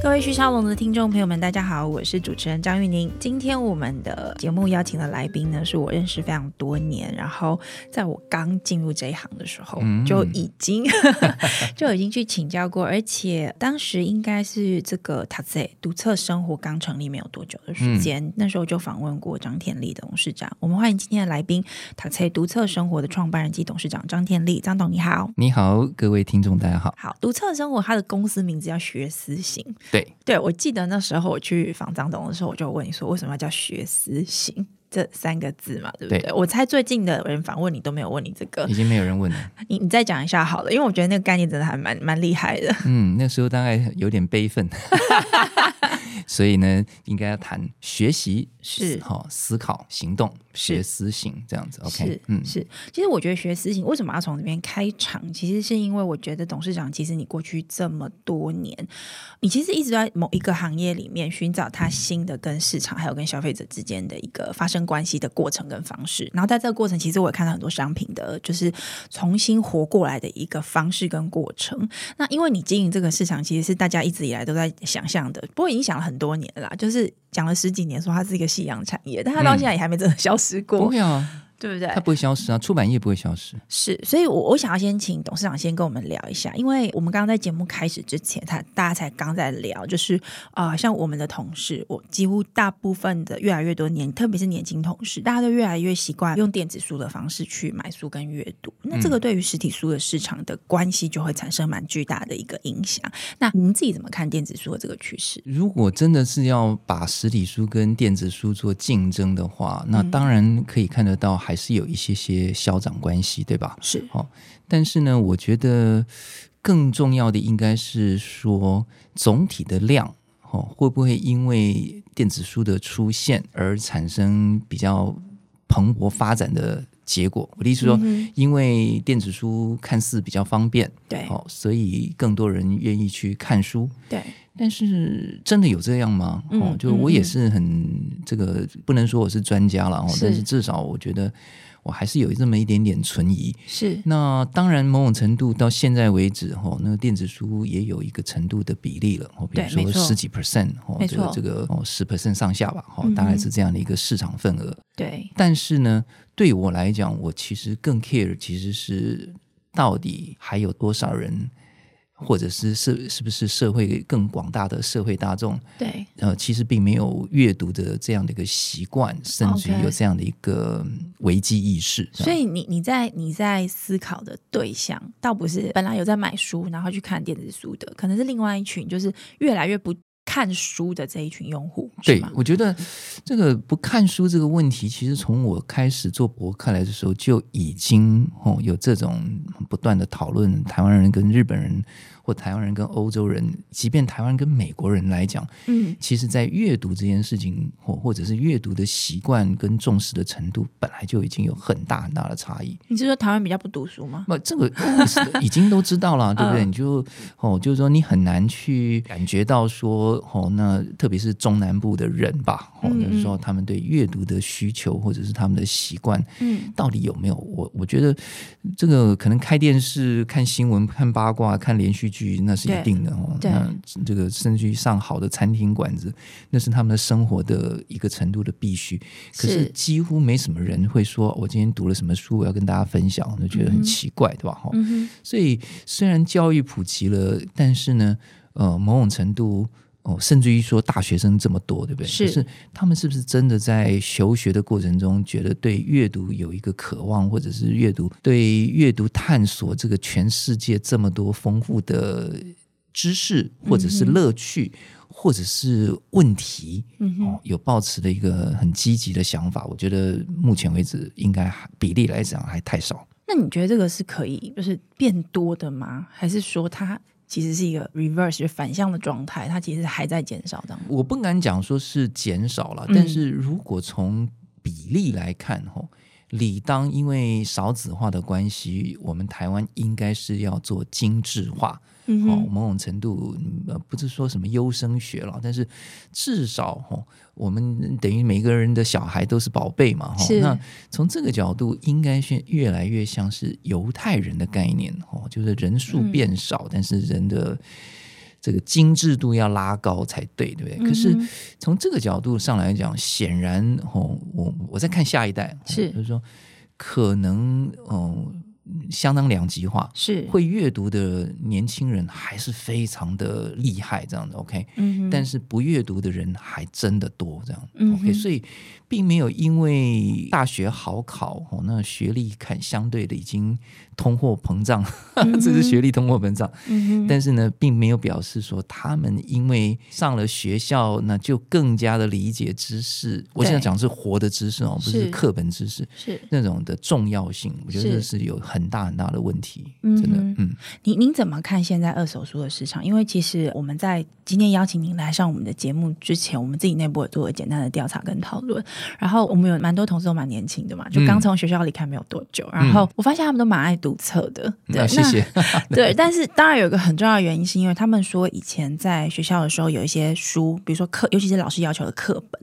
各位旭時報的聽眾朋友們，大家好，我是主持人張玉寧。今天我們的節目邀請的來賓呢，是我認識非常多年，然後在我剛進入這一行的時候、嗯、就已經呵呵就已經去請教過，而且當時應該是這個 TAAZE 讀冊生活剛成立沒有多久的時間，嗯、那時候就訪問過張天立董事長。我們歡迎今天的來賓 TAAZE 讀冊生活的創辦人及董事長張天立。張董你好，你好，各位聽眾大家好。好，讀冊生活它的公司名字叫學思行，對，對，我記得那時候我去訪張董的時候，我就問你說，為什麼要叫學思行這三個字嘛？對不對？對，我猜最近的人訪問你都沒有問你這個，已經沒有人問了。你你再講一下好了，因為我覺得那個概念真的還蠻蠻厲害的。嗯，那時候大概有點悲憤， 所以呢，應該要談學習。是哈、哦，思考、行動、學思行這樣子，OK，是嗯，是。其實我覺得學思行為什麼要從這邊開場？其實是因為我覺得董事長，其實你過去這麼多年，你其實一直在某一個行業裡面尋找它新的跟市場還有跟消費者之間的一個發生關係的過程跟方式。然後在這個過程，其實我也看到很多商品的就是重新活過來的一個方式跟過程。那因為你經營這個市場，其實是大家一直以來都在想象的，不過已經想了很多年了啦，就是講了十幾年，說它是一個。夕陽產業，但他到現在也還沒真的消失過、嗯。對不對？它不會消失啊、嗯，出版業不會消失。是，所以我我想要先請董事長先跟我們聊一下，因為我們剛剛在節目開始之前，他大家才剛在聊，就是啊、呃，像我們的同事，我幾乎大部分的越來越多年，特別是年輕同事，大家都越來越習慣用電子書的方式去買書跟閱讀。那這個對於實體書的市場的關係，就會產生蠻巨大的一個影響。嗯、那您自己怎麼看電子書的這個趨勢？如果真的是要把實體書跟電子書做競爭的話，那當然可以看得到。還是有一些些消長關係，對吧？是哦，但是呢，我覺得更重要的應該是說，總體的量哦，會不會因為電子書的出現而產生比較蓬勃發展的結果？我的意思說，嗯，因為電子書看似比較方便，對哦，所以更多人願意去看書，對。但是真的有這樣嗎？嗯？哦，就我也是很、嗯、這個不能說我是專家啦，但是至少我覺得我還是有這麼一點點存疑。是。那當然某種程度到現在為止，哈、哦，那個電子書也有一個程度的比例了。哦，比如說十幾 percent，哦，沒錯，哦、這個哦十 percent 上下吧，哦，大概是這樣的一個市場份額嗯嗯。對，但是呢，對我來講，我其實更 care 其實是到底還有多少人。或者是是是不是社會更廣大的社會大眾？對，呃，其實並沒有閱讀的這樣的一個習慣，甚至於有這樣的一個危機意識。Okay，所以你你在你在思考的對象，倒不是本來有在買書然後去看電子書的，可能是另外一群，就是越來越不對。看書的這一群用戶，對，我覺得這個不看書這個問題，其實從我開始做博客來的時候就已經，哦，有這種不斷的討論。台灣人跟日本人。或台灣人跟歐洲人，即便台灣跟美國人來講，嗯，其實在閱讀這件事情，或或者是閱讀的習慣跟重視的程度，本來就已經有很大很大的差異。你是說台灣比較不讀書嗎？不，這、呃、個已經都知道了， 對不對？你就哦，就是說你很難去感覺到說哦，那特別是中南部的人吧，或、哦、者、就是、說他們對閱讀的需求或者是他們的習慣，嗯，嗯，到底有沒有？我我覺得這個可能開電視、看新聞、看八卦、看連續劇。那是一定的哦，那這個甚至於上好的餐廳館子，那是他們的生活的一個程度的必須。可是幾乎沒什麼人會說，我今天讀了什麼書，我要跟大家分享，就覺得很奇怪，嗯、對吧、嗯？所以雖然教育普及了，但是呢，呃，某種程度。哦，甚至於說大學生這麼多，對不對？是，是他們是不是真的在求學的過程中，覺得對閱讀有一個渴望，或者是閱讀對閱讀探索這個全世界這麼多豐富的知識，或者是樂趣，嗯、或者是問題，嗯、哦，有抱持的一個很積極的想法？我覺得目前為止，應該比例來講還太少。那你覺得這個是可以，就是變多的嗎？還是說他？其實是一個 reverse 反向的狀態，它其實還在減少當中。我不敢講說是減少了，但是如果從比例來看，吼、嗯，理當因為少子化的關係，我們台灣應該是要做精緻化。哦，某種程度呃，不是說什麼優生學了，但是至少哈、哦，我們等於每個人的小孩都是寶貝嘛哈、哦。那從這個角度，應該是越來越像是猶太人的概念哈、哦，就是人數變少、嗯，但是人的這個精致度要拉高才對，對不對？嗯、可是從這個角度上來講，顯然哈、哦，我我再看下一代、哦是，就是說可能哦。呃相當兩極化，是會閱讀的年輕人還是非常的厲害，這樣的 OK，但是不閱讀的人還真的多，這樣，OK，嗯，所以並沒有因為大學好考，哦，那學歷看相對的已經。通貨膨脹， 這是學歷通貨膨脹，嗯。但是呢，並沒有表示說他們因為上了學校，那就更加的理解知識。我現在講是活的知識哦，不是課本知識。是那種的重要性，我覺得這是有很大很大的問題。真的，嗯，您、嗯、您怎麼看現在二手書的市場？因為其實我們在今天邀請您來上我們的節目之前，我們自己內部也做了簡單的調查跟討論。然後我們有蠻多同事都蠻年輕的嘛，就剛從學校離開沒有多久，嗯。然後我發現他們都蠻愛讀。讀冊的，對，那，對，但是當然有一個很重要的原因，是因為他們說以前在學校的時候有一些書，比如說課，尤其是老師要求的課本，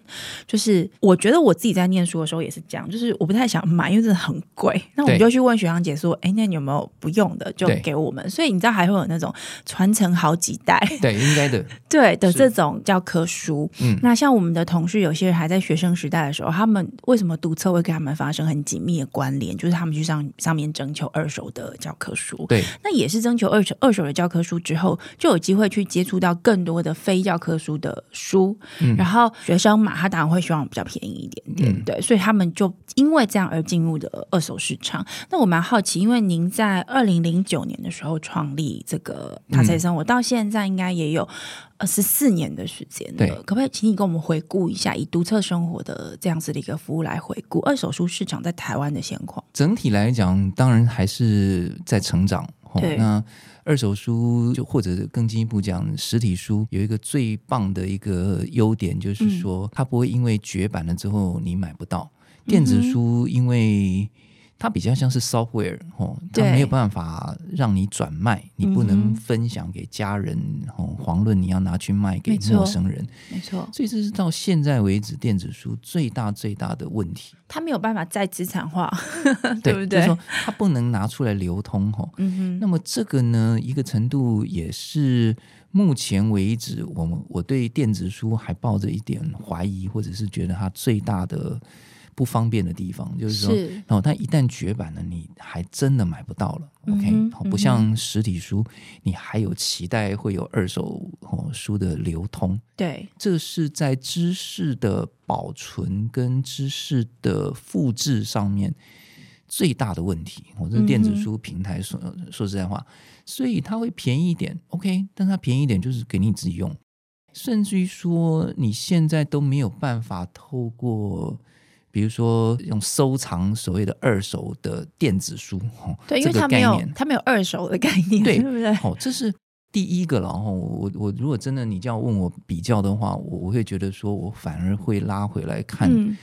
就是我覺得我自己在唸書的時候也是這樣，就是我不太想買，因為真的很貴。那我們就去問學長姐說：“哎，那你有沒有不用的，就給我們？”所以你知道還會有那種傳承好幾代，對，應該的， 對的這種教科書。嗯，那像我們的同事，有些人還在學生時代的時候，他們為什麼讀冊會跟他們發生很緊密的關聯？就是他們去上上面徵求二書。手的教科書，對，那也是徵求二手二手的教科書之後，就有機會去接觸到更多的非教科書的書。嗯、然後學生嘛，他當然會希望比較便宜一點點，嗯，對，所以他們就因為這樣而進入的二手市場。那我蠻好奇，因為您在二零零九年的時候創立這個 TAAZE 生活，嗯，我到現在應該也有。二十四年的時間，對，可不可以請你給我們回顧一下，以讀冊生活的這樣子的一個服務來回顧二手書市場在台灣的現況？整體來講，當然還是在成長。哦、那二手書就或者更進一步講，實體書有一個最棒的一個優點，就是說它不會因為絕版了之後你買不到、嗯、電子書，因為。它比較像是 software，哦、它沒有辦法讓你轉賣，你不能分享給家人，哦、嗯，遑論你要拿去賣給陌生人，沒錯。所以這是到現在為止電子書最大最大的問題。它沒有辦法再資產化，對， 對不對？就是說它不能拿出來流通，哦嗯，那麼這個呢，一個程度也是目前為止我，我們我對電子書還抱着一點懷疑，或者是覺得它最大的，不方便的地方就是說，然後、哦、但一旦絕版了，你還真的買不到了。嗯、OK，、嗯、不像實體書，你還有期待會有二手、哦、書的流通。對，這是在知識的保存跟知識的複製上面最大的問題。我、哦、這電子書平台說、嗯、說實在話，所以它會便宜一點。OK，但它便宜一點就是給你自己用，甚至於說你現在都沒有辦法透過。比如說用收藏所謂的二手的電子書，對，這個、因為它沒有它沒有二手的概念，對不對？好、 哦，這是第一個。然後我我如果真的你這樣問我比較的話，我我會覺得說我反而會拉回來看、嗯。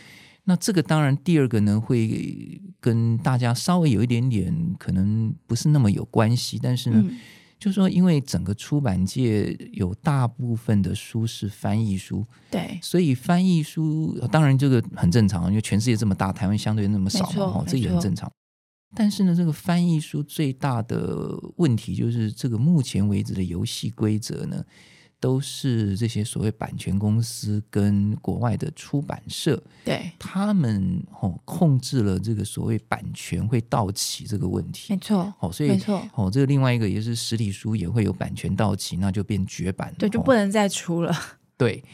那這個當然第二個呢，會跟大家稍微有一點點可能不是那麼有關係，但是呢。嗯就是說，因為整個出版界，有大部分的書是翻譯書，對，所以翻譯書、哦、當然這個很正常，因為全世界這麼大，台灣相對那麼少嘛、哦，這也很正常。但是呢，這個翻譯書最大的問題就是，這個目前為止的遊戲規則呢，都是這些所謂版權公司跟國外的出版社，對，他們哦控制了這個所謂版權會到期這個問題，沒錯，哦，所以沒錯，哦，這個另外一個也是實體書也會有版權到期，那就變絕版了，對，就不能再出了，哦、對，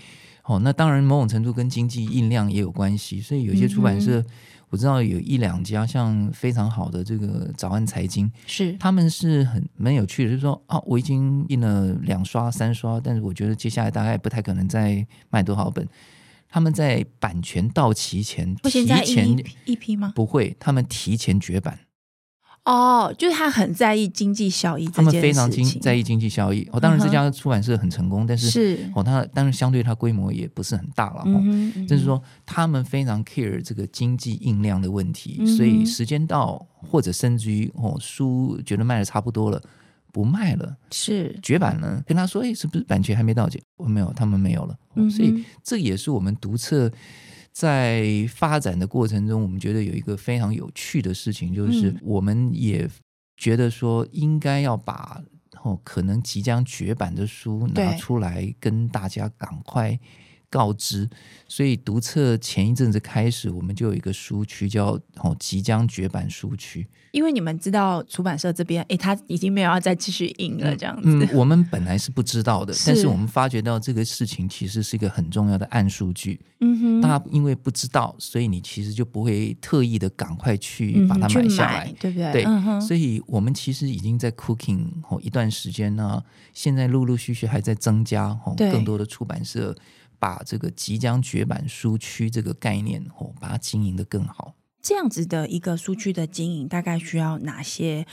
哦，那當然某種程度跟經濟印量也有關係，所以有些出版社。嗯我知道有一兩家像非常好的這個早安財經，是他們是很蠻有趣的，就是說哦、啊，我已經印了兩刷、三刷，但是我覺得接下來大概不太可能再賣多少本。他們在版權到期前，不提前一批嗎？不會，他們提前絕版。哦，就是他很在意經濟效益這件事情，他們非常經在意經濟效益。哦，當然這家出版社很成功，嗯、但是，是哦，他當然相對它規模也不是很大了。嗯就、嗯、是說他們非常 care 這個經濟印量的問題、嗯，所以時間到或者甚至於哦書覺得賣的差不多了，不賣了，是絕版了，跟他說哎、欸、是不是版權還沒到期、哦？沒有，他們沒有了，哦、所以這也是我們讀冊在發展的過程中，我們覺得有一個非常有趣的事情，就是我們也覺得說應該要把哦可能即將絕版的書拿出來跟大家趕快。告知，所以讀冊前一陣子開始，我們就有一個書區叫“即將絕版書區”，因為你們知道出版社這邊，他已經沒有要再繼續印了，這樣子、嗯嗯。我們本來是不知道的，但是我們發覺到這個事情其實是一個很重要的暗數據。嗯哼，大家因為不知道，所以你其實就不會特意的趕快去把它買下來，嗯、對不對？對、嗯，所以我們其實已經在 cooking 哦一段時間呢，現在陸陸續續還在增加哦，更多的出版社。把這個即將絕版書區這個概念，哦，把它經營得更好。這樣子的一個書區的經營，大概需要哪些？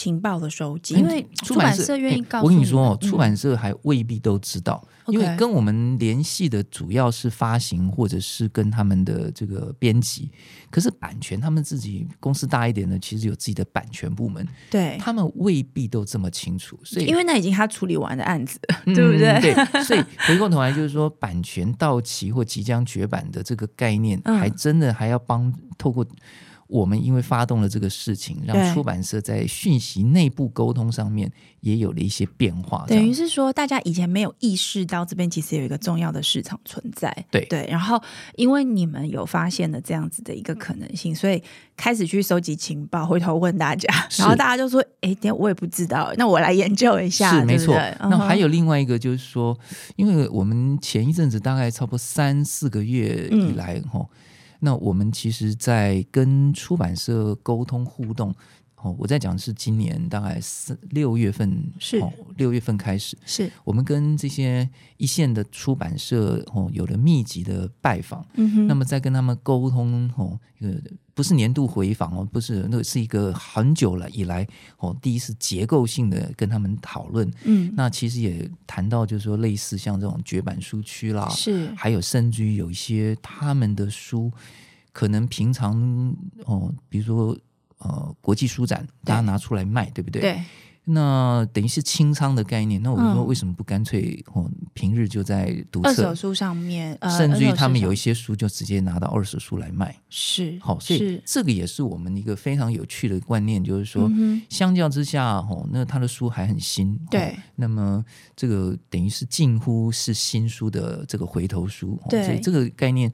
情報的收集，因為出版社，出版社願意告訴我，我跟你說哦，出版社還未必都知道，嗯，因為跟我們聯繫的主要是發行或者是跟他們的這個編輯，可是版權他們自己公司大一點的其實有自己的版權部門，對，他們未必都這麼清楚，所以因為那已經他處理完的案子，嗯，對不對？對，所以回過頭來就是說， 版權到期或即將絕版的這個概念，還真的還要幫、嗯、透過。我們因為發動了這個事情，讓出版社在訊息內部溝通上面也有了一些變化。等於是說，大家以前沒有意識到這邊其實有一個重要的市場存在。對對，然後因為你們有發現了這樣子的一個可能性，所以開始去收集情報，回頭問大家，然後大家就說：“哎，等一下，我也不知道，那我來研究一下。是”是，沒錯。那還有另外一個就是說，因為我們前一陣子大概差不多三四個月以來，嗯那我們其實，在跟出版社溝通互動。哦，我在講是今年大概四六月份，是，哦，六月份開始，是我們跟這些一線的出版社哦，有了密集的拜訪，嗯哼，那麼在跟他們溝通哦，呃，不是年度回訪哦，不是，那是一個很久了以來哦，第一次結構性的跟他們討論，嗯，那其實也談到就是說類似像這種絕版書區啦，是還有甚至於有一些他們的書，可能平常哦，比如說。呃，國際書展，大家拿出來賣，對，對不對？對。那等於是清倉的概念。那我們說，為什麼不乾脆、嗯、哦？平日就在讀冊二手書上面、呃，甚至於他們有一些書就直接拿到二手書來賣。是。好、哦，所以是這個也是我們一個非常有趣的觀念，就是說，嗯、相較之下，哦，那他的書還很新。對。哦、那麼，這個等於是近乎是新書的這個回頭書。對。哦、所以這個概念。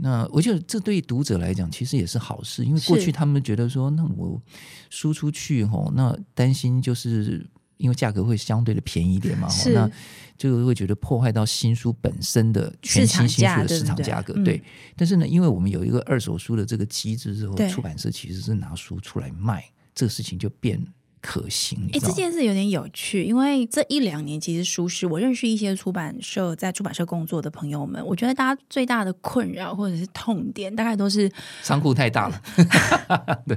那我覺得這對讀者來講其實也是好事，因為過去他們覺得說，那我輸出去吼，那擔心就是因為價格會相對的便宜一點嘛，那就會覺得破壞到新書本身的全新新書的市場價格。對、嗯，但是呢，因為我們有一個二手書的這個機制之後，出版社其實是拿書出來賣，這個事情就變了。可行哎、欸，這件事有點有趣，因為這一兩年其實舒，舒適我認識一些出版社在出版社工作的朋友們，我覺得大家最大的困擾或者是痛點，大概都是倉庫太大了。 對。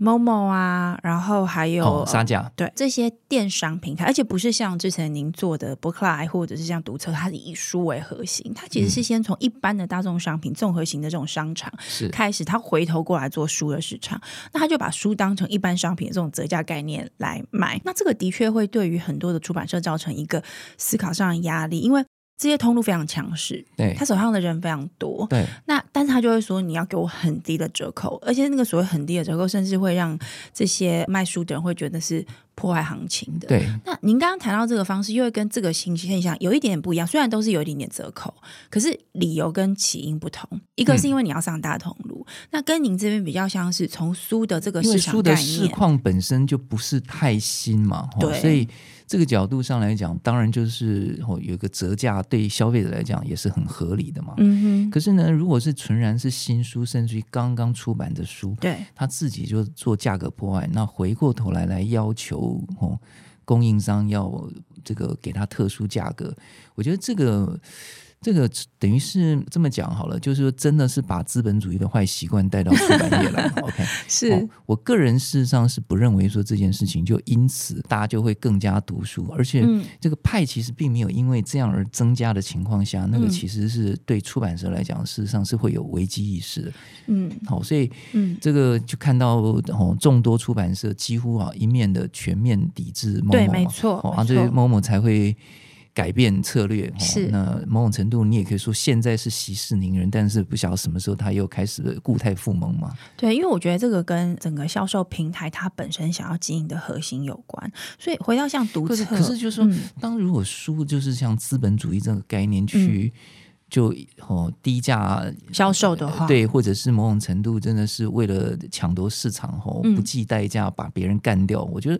某某啊，然後還有、哦、三駕對這些電商平台，而且不是像之前您做的博客來或者是像讀冊，它是以書為核心，它其實是先從一般的大眾商品、綜合型的這種商場，是、嗯、開始，它回頭過來做書的市場，那他就把書當成一般商品的這種折價概念來賣，那這個的確會對於很多的出版社造成一個思考上的壓力，因為。這些通路非常強勢，對，他手上的人非常多，對。那但是他就會說，你要給我很低的折扣，而且那個所謂很低的折扣，甚至會讓這些賣書的人會覺得是破壞行情的。對。那您剛剛談到這個方式，又會跟這個信息現象有一點點不一樣，雖然都是有一點點折扣，可是理由跟起因不同。一個是因為你要上大通路，嗯，那跟您這邊比較相似，從書的這個市場的實況本身就不是太新嘛，對，哦，所以。這個角度上來講，當然就是、哦、有一個折價，對消費者來講也是很合理的嘛、嗯哼。可是呢，如果是純然是新書，甚至於剛剛出版的書，對，他自己就做價格破壞，那回過頭來來要求哦供應商要這個給他特殊價格，我覺得這個。這個等於是這麼講好了，就是說真的是把資本主義的壞習慣帶到出版業了。 OK，是、哦，我個人事實上是不認為說這件事情就因此大家就會更加讀書，而且這個派其實並沒有因為這樣而增加的情況下，嗯、那個其實是對出版社來講事實上是會有危機意識的。嗯，好、哦，所以嗯，這個就看到、哦、眾多出版社幾乎啊一面的全面抵制 Momo，對，對、哦，沒錯，啊，這個某某才會。改變策略，是、哦、那某種程度你也可以說現在是息事寧人，但是不曉得什麼時候他又開始了故態復萌嘛？對，因為我覺得這個跟整個銷售平台它本身想要經營的核心有關，所以回到像讀冊，可是就是說、嗯、當如果書就是像資本主義這個概念去。嗯就哦，低價銷售的話、呃，對，或者是某種程度真的是為了搶奪市場，吼、嗯，不計代價把別人幹掉。我覺得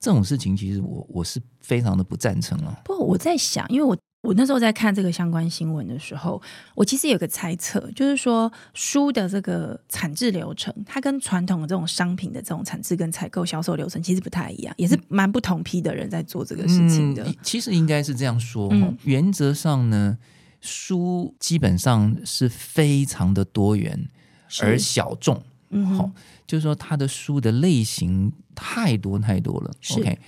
這種事情，其實我我是非常的不贊成啊。不過，我在想，因為我我那時候在看這個相關新聞的時候，我其實有個猜測，就是說書的這個產制流程，它跟傳統的這種商品的這種產制跟採購銷售流程其實不太一樣，也是蠻不同批的人在做這個事情的。嗯、其實應該是這樣說，嗯、原則上呢。書基本上是非常的多元而小眾，好，嗯，哦，就是說他的書的類型太多太多了，OK。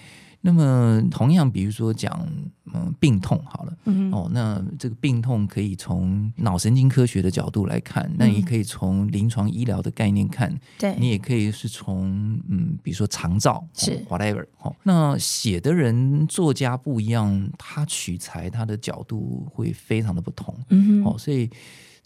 那麼，同樣，比如說講嗯病痛好了，嗯哦，那這個病痛可以從腦神經科學的角度來看，嗯、那也可以從臨床醫療的概念看，對、嗯、你也可以是從嗯，比如說長照、哦、是 whatever、哦、那寫的人作家不一樣，他取材他的角度會非常的不同，嗯哦，所以。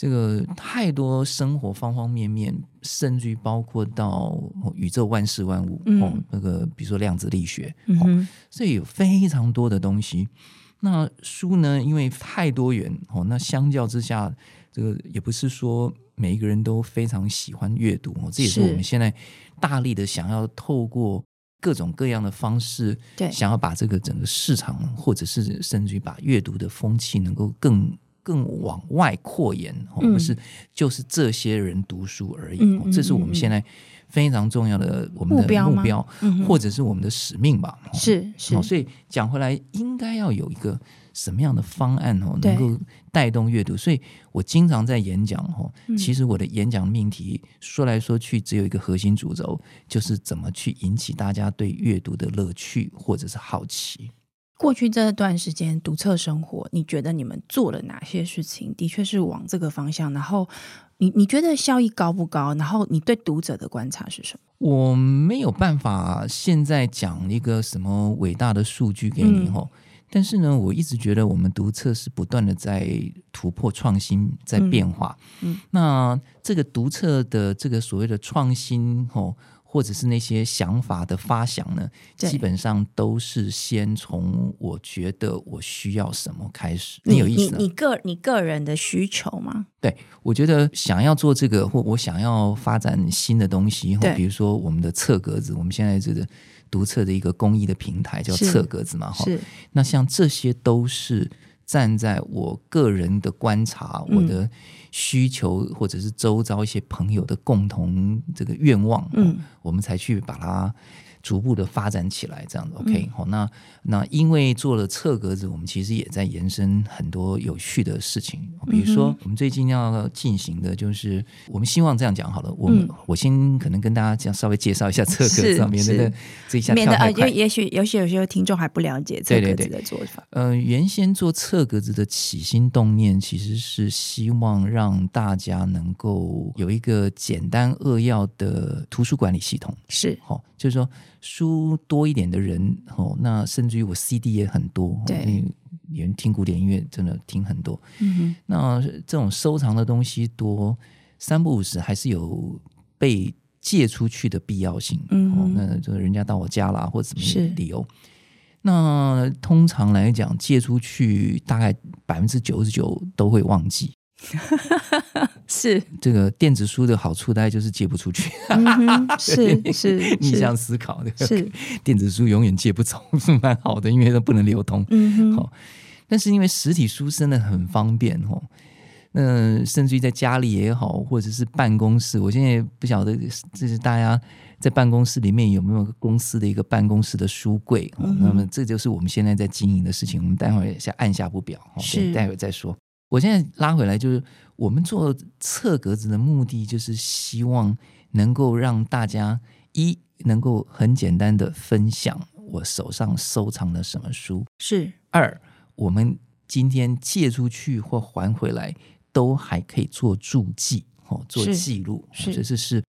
這個太多生活方方面面，甚至於包括到，哦，宇宙萬事萬物，嗯哦，那個比如說量子力學，好，嗯，這，哦，有非常多的東西。那書呢，因為太多元哦，那相較之下，這個也不是說每一個人都非常喜歡閱讀哦，這也是我們現在大力的想要透過各種各樣的方式，對，想要把這個整個市場，或者是甚至於把閱讀的風氣能夠更。更往外擴延、嗯，不是就是這些人讀書而已、嗯。這是我們現在非常重要的我們的目標，目標、嗯、或者是我們的使命吧？是是。所以講回來，應該要有一個什麼樣的方案哦，能夠帶動閱讀？所以，我經常在演講哦，其實我的演講命題、嗯、說來說去只有一個核心主軸，就是怎麼去引起大家對閱讀的樂趣或者是好奇。過去這段時間讀冊生活，你覺得你們做了哪些事情？的確是往這個方向。然後你，你你覺得效益高不高？然後，你對讀者的觀察是什麼？我沒有辦法現在講一個什麼偉大的數據給你哦，嗯。但是呢，我一直覺得我們讀冊是不斷的在突破創新，在變化。嗯，嗯，那這個讀冊的這個所謂的創新哦。或者是那些想法的發想呢，基本上都是先從我覺得我需要什麼開始。你，你有意思你個你個人的需求嗎？對，我覺得想要做這個，或我想要發展新的東西，比如說我們的冊格子，我們現在這個讀冊的一個公益的平台叫冊格子嘛。是，是那像這些都是。站在我個人的觀察，嗯，我的需求，或者是周遭一些朋友的共同這個願望，嗯，我們才去把它。逐步的發展起來，這樣子 OK 好，嗯。那那因為做了冊格子，我們其實也在延伸很多有趣的事情。比如說，我們最近要進行的就是，嗯、我們希望這樣講好了。我、嗯、我先可能跟大家講，稍微介紹一下冊格子，免得這一下跳太快，啊也。也許也許有些聽眾還不了解冊格子的做法。嗯、呃，原先做冊格子的起心動念，其實是希望讓大家能夠有一個簡單扼要的圖書管理系統。是好、哦，就是說。書多一點的人，哦，那甚至於我 CD 也很多，對，也，嗯，聽古典音樂，真的聽很多，嗯。那這種收藏的東西多，三不五時還是有被借出去的必要性。嗯，那就人家到我家了，或者什麼理由。那通常來講，借出去大概百分之九十九都會忘記。 是，這個電子書的好處大概就是借不出去，嗯、 是是逆向思考的，是電子書永遠借不走，是蠻好的，因為它不能流通。嗯，好、哦，但是因為實體書真的很方便哦，那甚至於在家裡也好，或者是辦公室，我現在也不曉得，就是大家在辦公室裡面有沒有公司的一個辦公室的書櫃？哦、嗯、那麼這就是我們現在在經營的事情，我們待會兒先按下不表，哦、待會兒再說。我現在拉回來，就是我們做冊格子的目的，就是希望能夠讓大家一能夠很簡單的分享我手上收藏的什麼書，是二我們今天借出去或還回來都還可以做注記，哦，做記錄，或者是。哦就是是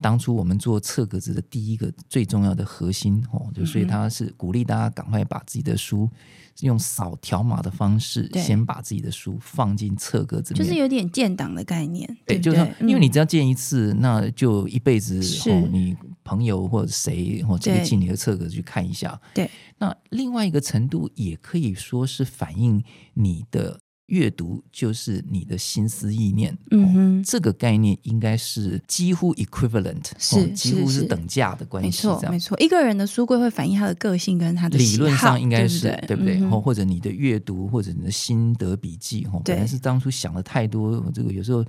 當初我們做冊格子的第一個最重要的核心哦，就所以他是鼓勵大家趕快把自己的書、嗯、用掃條碼的方式，先把自己的書放進冊格子，就是有點建檔的概念。對，對對就是說，因為你只要建一次、嗯，那就一輩子後、哦、你朋友或者誰哦，直接進你的冊格子去看一下對。對，那另外一個程度也可以說是反映你的。閱讀就是你的心思意念，嗯哼，哦、這個概念應該是幾乎 equivalent，是、哦、幾乎是等價的關係，沒錯，沒錯。一個人的書櫃會反映他的個性跟他的理論上應該是，就是對不對、嗯？或者你的閱讀或者你的心得筆記，吼、哦，本來是當初想的太多、哦，這個有時候。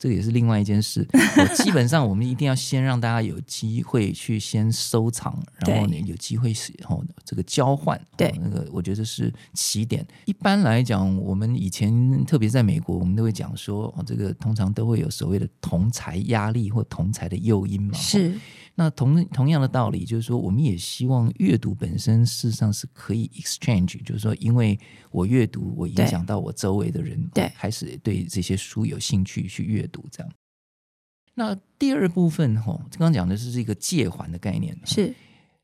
這也是另外一件事。哦、基本上，我們一定要先讓大家有機會去先收藏， 然後呢，有機會是哦這個交換，對、哦、那個我覺得是起點。一般來講，我們以前特別在美國，我們都會講說、哦，這個通常都會有所謂的同儕壓力或同儕的誘因嘛。是。那同同樣的道理，就是說，我們也希望閱讀本身事實上是可以 exchange，就是說，因為我閱讀，我影響到我周圍的人，對，開、哦、始對這些書有興趣去閱讀，這樣。那第二部分，吼、哦，剛剛講的是一個借還的概念，是，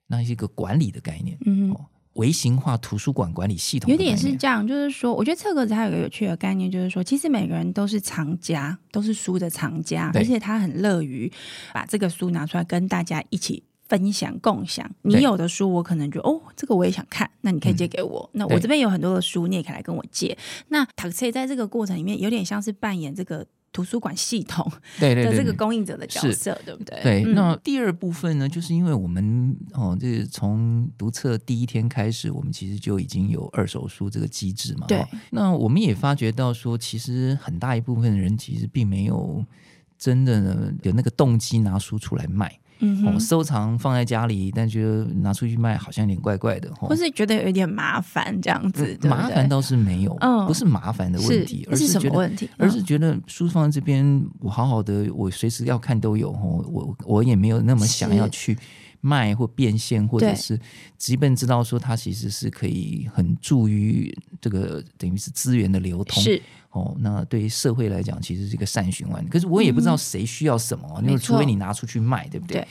那是一個管理的概念，嗯哼微型化圖書館管理系統有點是這樣，就是說，我覺得這個它還有一個有趣的概念，就是說，其實每個人都是藏家，都是書的藏家，而且他很樂於把這個書拿出來跟大家一起分享、共享。你有的書，我可能覺得哦，這個我也想看，那你可以借給我。嗯、那我這邊有很多的書，你也可以來跟我借。那 TAAZE 在這個過程裡面，有點像是扮演這個。圖書館系統對對對，這個供應者的角色對，對，對，對，對不對？對，那第二部分呢，就是因為我們哦，這、就是、從讀冊第一天開始，我們其實就已經有二手書這個機制嘛。對，那我們也發覺到說，其實很大一部分人其實並沒有真的有那個動機拿書出來賣。嗯、哦，收藏放在家裡，但覺得拿出去賣好像有點怪怪的，哦、或是覺得有一點麻煩這樣子。嗯、麻煩倒是沒有，嗯、不是麻煩的問題，是、而是覺得，這是什麼問題呢？而是覺得書放在這邊，我好好的，我隨時要看都有，哦、我我也沒有那麼想要去。賣或變現，或者是即便知道說，它其實是可以很助於這個等於是資源的流通。哦，那對於社會來講，其實是一個善循環。可是我也不知道誰需要什麼，嗯、因為除非你拿出去賣，對不對，對？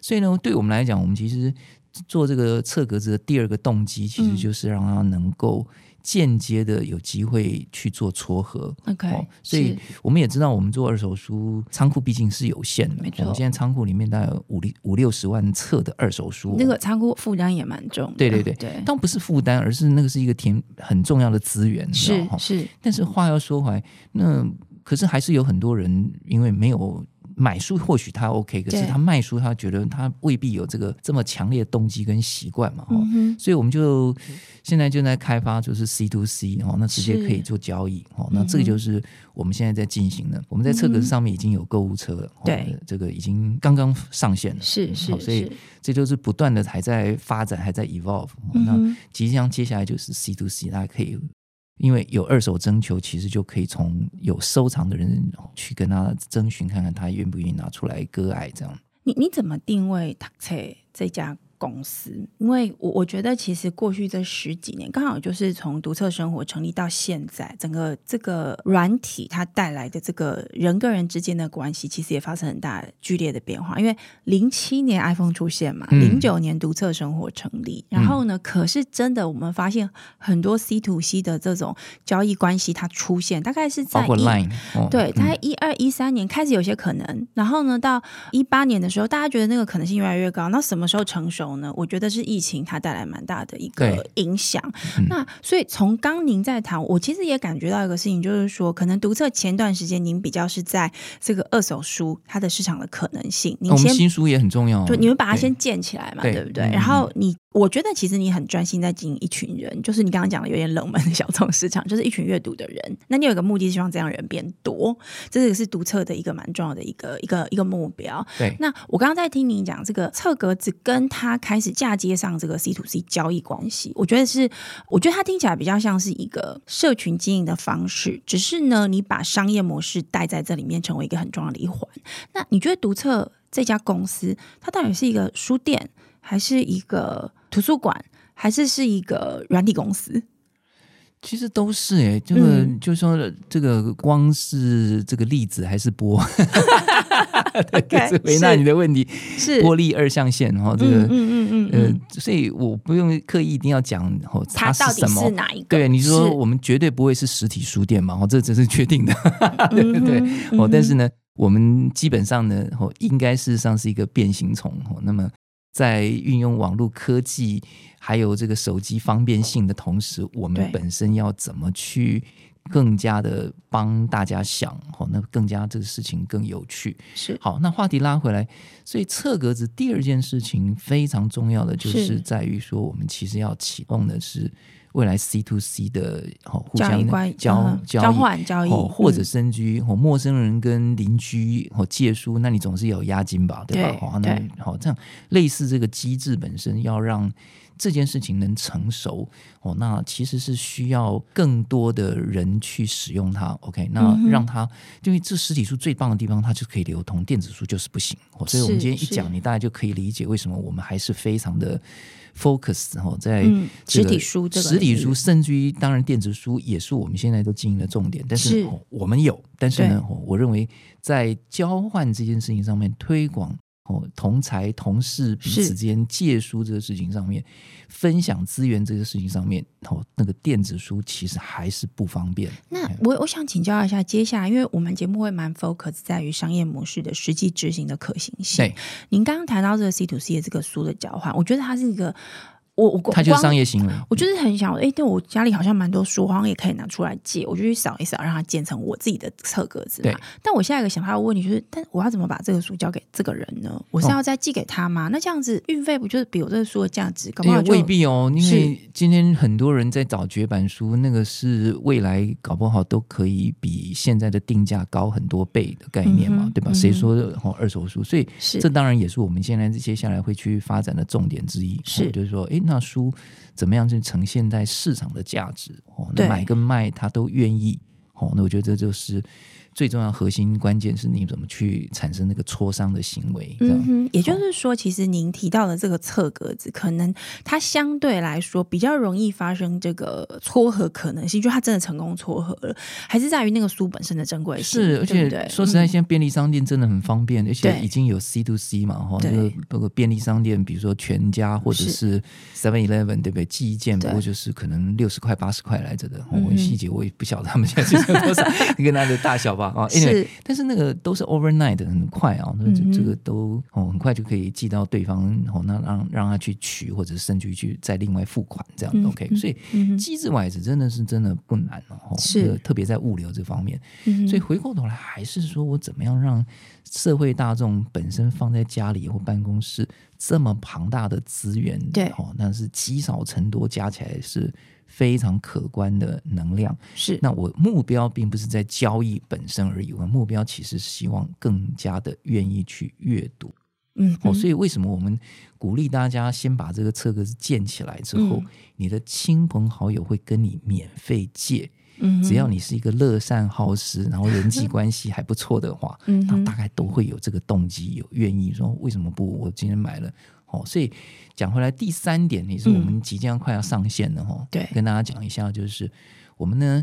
所以呢，對我們來講，我們其實做這個冊格子的第二個動機，其實就是讓它能夠。間接的有機會去做撮合 okay,、哦，所以我們也知道，我們做二手書倉庫畢竟是有限的。沒錯，我們現在倉庫裡面大概有五六五六十萬冊的二手書、哦嗯，那個倉庫負擔也蠻重。對對對，嗯、對但不是負擔，而是那個是一個挺很重要的資源。是是,是，但是話要說回來，那可是還是有很多人因為沒有。買書或許他 OK，可是他賣書，他覺得他未必有這個這麼強烈的動機跟習慣嘛、嗯，所以我們就現在就在開發就是 C to C 哈，那直接可以做交易哈、嗯，那這個就是我們現在在進行的，我們在冊格上面已經有購物車了，對、嗯嗯，這個已經剛剛上線了，是是、嗯，所以這就是不斷的還在發展，還在 evolve，、嗯、那即將接下來就是 C to C，大家可以。因為有二手徵求，其實就可以從有收藏的人去跟他徵詢，看看他願不願意拿出來割愛這樣。你你怎麼定位讀冊這家？公司，因為我我覺得其實過去這十幾年，剛好就是從讀冊生活成立到現在，整個這個軟體它帶來的這個人跟人之間的關係，其實也發生很大劇烈的變化。因為零七年 iPhone 出現嘛，零、嗯、九年讀冊生活成立，然後呢、嗯，可是真的我們發現很多 C to C 的這種交易關係它出現，大概是在 1, Line, 對，在一二一三年開始有些可能，然後呢，到一八年的時候，大家覺得那個可能性越來越高，那什麼時候成熟？我覺得是疫情它帶來蠻大的一個影響。那所以從剛您在談，我其實也感覺到一個事情，就是說可能讀冊前段時間您比較是在這個二手書它的市場的可能性，您、哦、先，新書也很重要、哦，就你們把它先建起來嘛，對，對不對，對？然後你。我覺得其實你很專心在經營一群人，就是你剛剛講的有點冷門的小眾市場，就是一群閱讀的人。那你有一個目的，是希望這樣人變多，這是是讀冊的一個蠻重要的一個一個一個目標。對。那我剛剛在聽你講這個冊格子，跟他開始嫁接上這個 C to C 交易關係，我覺得是，我覺得它聽起來比較像是一個社群經營的方式，只是呢，你把商業模式帶在這裡面，成為一個很重要的一環。那你覺得讀冊這家公司，它到底是一個書店，還是一個？圖書館還是是一個軟體公司，其實都是哎、欸，這個、嗯、就說這個光是這個粒子還是波哈哈哈哈哈，哈為難你的問題是波粒二象限，然、喔、這個嗯嗯嗯，嗯，呃，所以我不用刻意一定要講、喔、它到底是哪一個？對，你說我們絕對不會是實體書店嘛，哦、喔，這這是確定的，嗯、 對對對，哦、嗯喔，但是呢，我們基本上呢，哦、喔，應該事實上是一個變形蟲，哦、喔，那麼。在運用網絡科技，還有這個手機方便性的同時，我們本身要怎麼去更加的幫大家想？哦，那更加這個事情更有趣。是，好，那話題拉回來，所以冊格子第二件事情非常重要的就是在於說，我們其實要啟動的是。未來 C to C 的、哦、互相的交交易,交,交,交易，哦，或者生居哦，嗯、陌生人跟鄰居哦借書，那你總是要有押金吧，對吧？對哦，那好、哦，這樣類似這個機制本身要讓這件事情能成熟哦，那其實是需要更多的人去使用它。OK，那讓它、嗯、因為這實體書最棒的地方，它就可以流通，電子書就是不行。哦、所以我們今天一講，你大概就可以理解為什麼我們還是非常的。focus 哈、這個，在實體書這個、實體書，甚至於當然電子書也是我們現在都經營的重點。但是，是、哦、我們有，但是呢、哦，我認為在交換這件事情上面推廣。哦，同才同事彼此之間借書這個事情上面，分享資源這個事情上面，哦，那個電子書其實還是不方便。那我、嗯、我想請教一下，接下來，因為我們節目會蠻 focus 在於商業模式的實際執行的可行性。對，您剛剛談到這個 C to C 的這個書的交換，我覺得它是一個。我我他就商業型了，我就是很想哎、欸，對，我家裡好像蠻多書，好像也可以拿出來借，我就去掃一掃，讓它建成我自己的冊格子嘛。對，但我現在一個想法的問題就是，但我要怎麼把這個書交給這個人呢？我是要再寄給他嗎？哦、那這樣子運費不就是比我這個書的價值？搞不好、欸、未必哦，因為今天很多人在找絕版書，那個是未來搞不好都可以比現在的定價高很多倍的概念嘛，嗯、對吧？誰說、嗯、二手書？所以這當然也是我們現在接下來會去發展的重點之一，是就是說，哎、欸。那書怎麼樣去呈現在市場的價值？哦，那買跟賣他都願意。哦，那我覺得這就是。最重要核心關鍵是你怎麼去產生那個磋商的行為，嗯，也就是說、哦，其實您提到的這個側格子，可能它相對來說比較容易發生這個撮合可能性，就它真的成功撮合了，還是在於那個書本身的珍貴性，是而且對，對說實在，現在便利商店真的很方便，而且已經有 C to C 嘛，哈，就是、那個包括便利商店，比如說全家或者是 Seven Eleven，對不對？寄一件不過就是可能六十塊八十塊來着的，我細節我也不曉得他們現在是多少， 你跟他的大小吧。啊、oh, anyway,，因為但是那個都是 overnight 很快啊、哦，那、mm、這 -hmm. 這個都、哦、很快就可以寄到對方，然後、哦、那讓讓他去取或者是甚至去再另外付款這樣，OK。Mm -hmm. 所以機制 wise 真的是真的不難哦，是、mm -hmm. 哦、特別在物流這方面。Mm -hmm. 所以回過頭來，還是說我怎麼樣讓社會大眾本身放在家裡或辦公室這麼龐大的資源，對、mm -hmm. 哦，那是積少成多，加起來是。非常可觀的能量是，那我目標並不是在交易本身而已，我目標其實是希望更加的願意去閱讀，嗯，哦，所以為什麼我們鼓勵大家先把這個冊格子建起來之後、嗯，你的親朋好友會跟你免費借，嗯，只要你是一個樂善好施，然後人際關係還不錯的話，嗯、那大概都會有這個動機，有願意說為什麼不我今天買了。哦，所以講回來，第三點也是我們即將快要上線的哈、嗯，對，跟大家講一下，就是我們呢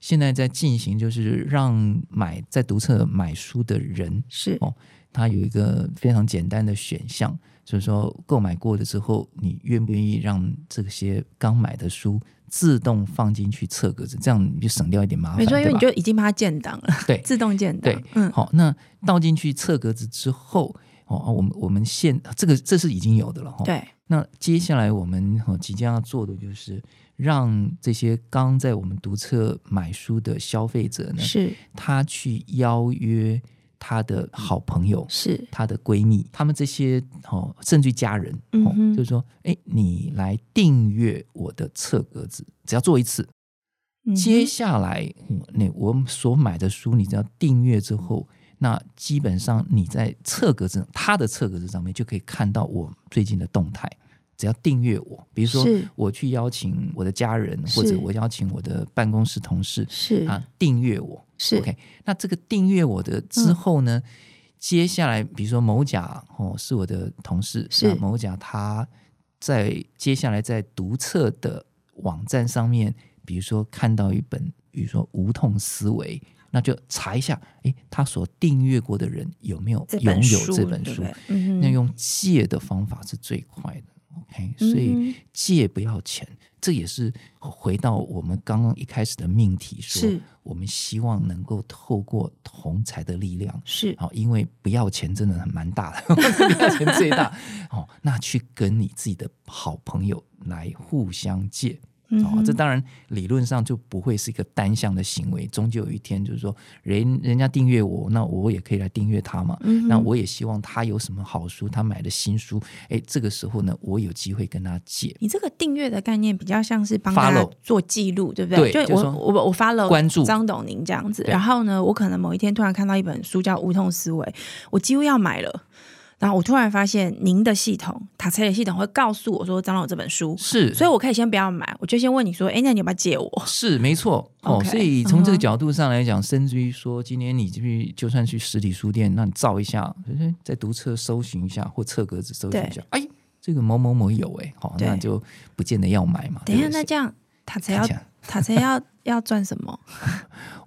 現在在進行，就是讓買在讀冊買書的人是哦，他有一個非常簡單的選項，就是說，購買過了之後，你願不願意讓這些剛買的書自動放進去冊格子，這樣你就省掉一點麻煩。沒錯，因為你就已經把它建檔了，對，自動建檔。嗯，好、哦，那倒進去冊格子之後。哦，我們我們現這個這是已經有的了哈，對。那接下來我們即將要做的就是讓這些剛在我們讀冊買書的消費者呢，是，他去邀約他的好朋友，嗯、是，她的閨蜜，他們這些哦，甚至家人，嗯哦、就是說，哎，你來訂閱我的冊格子，只要做一次，嗯、接下來那、嗯、我所買的書，你只要訂閱之後。那基本上你在冊格子，他的冊格子上面就可以看到我最近的動態。只要訂閱我，比如說我去邀請我的家人，或者我邀請我的辦公室同事，啊，訂閱我。是，OK。那這個訂閱我的之後呢，嗯，接下來比如說某甲哦是我的同事，是某甲他在接下來在讀冊的網站上面，比如說看到一本，比如說無痛思維。那就查一下，誒，他所訂閱過的人有沒有擁有這本書？本書對不對？嗯、那用借的方法是最快的，OK？所以借不要錢、嗯，這也是回到我們剛剛一開始的命題說，說我們希望能夠透過同儕的力量，是哦，因為不要錢真的很蠻大的， 不要錢最大 哦，那去跟你自己的好朋友來互相借。哦，這當然理論上就不會是一個單向的行為，終究有一天就是說，人人家訂閱我，那我也可以來訂閱他嘛。嗯，那我也希望他有什麼好書，他買的新書，誒，這個時候呢，我有機會跟他借。你這個訂閱的概念比較像是幫他做記錄，follow, 對不對？對，說我我我發了關注張董您這樣子，然後呢，我可能某一天突然看到一本書叫《無痛思維》，我幾乎要買了。然後我突然發現，您的系統塔才的系統會告訴我說：“張老這本書是，所以我可以先不要買，我就先問你說：‘哎，那你有沒有借我？’是沒錯 okay, 哦。所以從這個角度上來講，嗯、甚至於說，今天你去就算去實體書店，那你照一下，就是在讀冊搜尋一下，或冊格子搜尋一下，哎，這個某某某有哎、欸，好、哦，那就不見得要買嘛。等一下，對對那這樣塔才要 塔才要要賺什麼？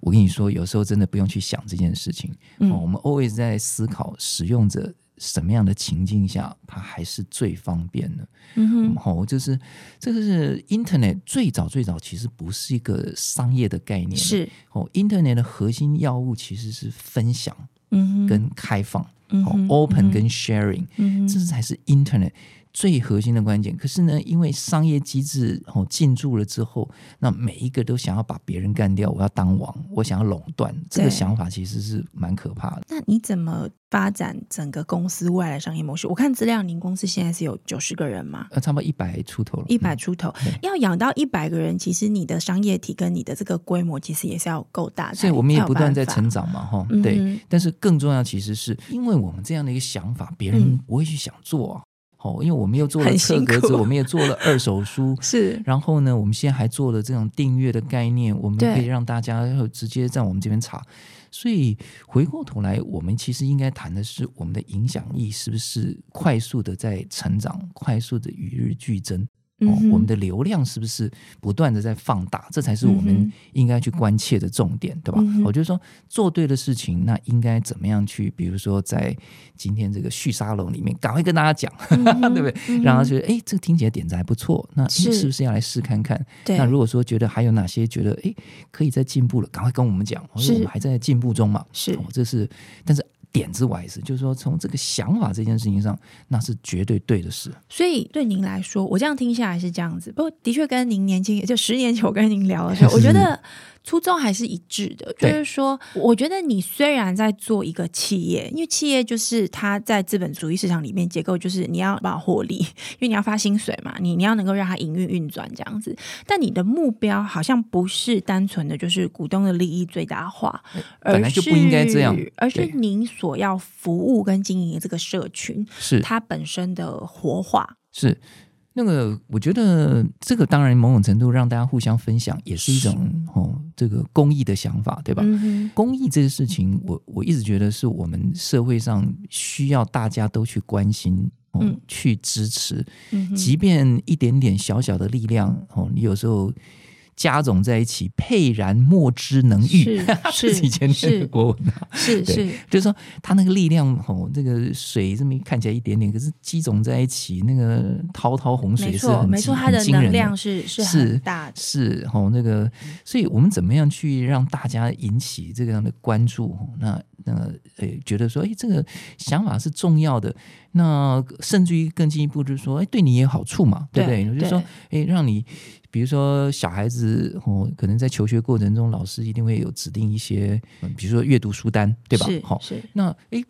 我跟你說，有時候真的不用去想這件事情。嗯哦、我們 always 在思考使用者。什麼樣的情境下，它還是最方便的？嗯好、嗯哦，就是這個是 Internet 最早最早其實不是一個商業的概念的，是哦。Internet 的核心要務其實是分享，嗯跟開放，嗯、哦、open 跟 sharing，嗯這才是 Internet。嗯最核心的關鍵，可是呢，因為商業機制、哦、進駐了之後，那每一個都想要把別人幹掉，我要當王，我想要壟斷，這個想法其實是蠻可怕的。那你怎麼發展整個公司外來商業模式？我看資料您公司現在是有九十個人嘛，呃、啊，差不多一百出頭了，一百出頭、嗯、要養到一百個人，其實你的商業體跟你的這個規模其實也是要夠大，所以我們也不斷在成長嘛，哈、嗯，對。但是更重要其實是因為我們這樣的一個想法，別人不會去想做啊。嗯哦，因為我們又做了冊格子，我們也做了二手書，是。然後呢，我們現在還做了這種訂閱的概念，我們可以讓大家直接在我們這邊查。所以回過頭來，我們其實應該談的是，我們的影響力是不是快速的在成長，嗯、快速的與日俱增。哦，我們的流量是不是不斷的在放大？這才是我們應該去關切的重點，嗯、對吧？我、哦、就是、說做對的事情，那應該怎麼樣去？比如說在今天這個旭沙龍裡面，趕快跟大家講，嗯、呵呵對不對？嗯、然後覺得哎，這個聽起來點子還不錯，那是，你是不是要來試看看對？那如果說覺得還有哪些覺得，哎，可以再進步了，趕快跟我們講、哦是，因為我們還在進步中嘛。是，哦、這是，但是。點之外是就是說從這個想法這件事情上，那是絕對對的事。所以對您來說，我這樣聽下來是這樣子，不過的確跟您年輕也就十年前我跟您聊的時候，我覺得。初衷還是一致的，就是說，我覺得你雖然在做一個企業，因為企業就是它在資本主義市場裡面，結構就是你要把獲利，因為你要發薪水嘛，你你要能夠讓它營運運轉這樣子，但你的目標好像不是單純的就是股東的利益最大化，本來就不應該這樣，而是您所要服務跟經營的這個社群，是它本身的活化是。那個，我覺得這個當然某種程度讓大家互相分享也是一種哦，這個公益的想法，對吧？嗯、公益這個事情，我我一直覺得是我們社會上需要大家都去關心，哦，嗯、去支持、嗯，即便一點點小小的力量，哦，你有時候。加總在一起，沛然莫之能御。是以前是國文啊，是是，是，是， 是，是，就是說它那個力量吼，這個水這麼看起來一點點，可是積總在一起，那個滔滔洪水是很，是沒錯，很驚人的，它的，的能量是是大是是吼那個。所以我們怎麼樣去讓大家引起這樣的關注？那那呃，覺得說，哎，這個想法是重要的。那甚至於更進一步，就是說，哎，對你也有好處嘛，對不對，對？就是說，哎，讓你。比如說小孩子哦，可能在求學過程中，老師一定會有指定一些，嗯、比如說閱讀書單，對吧？是，好、哦，那誒，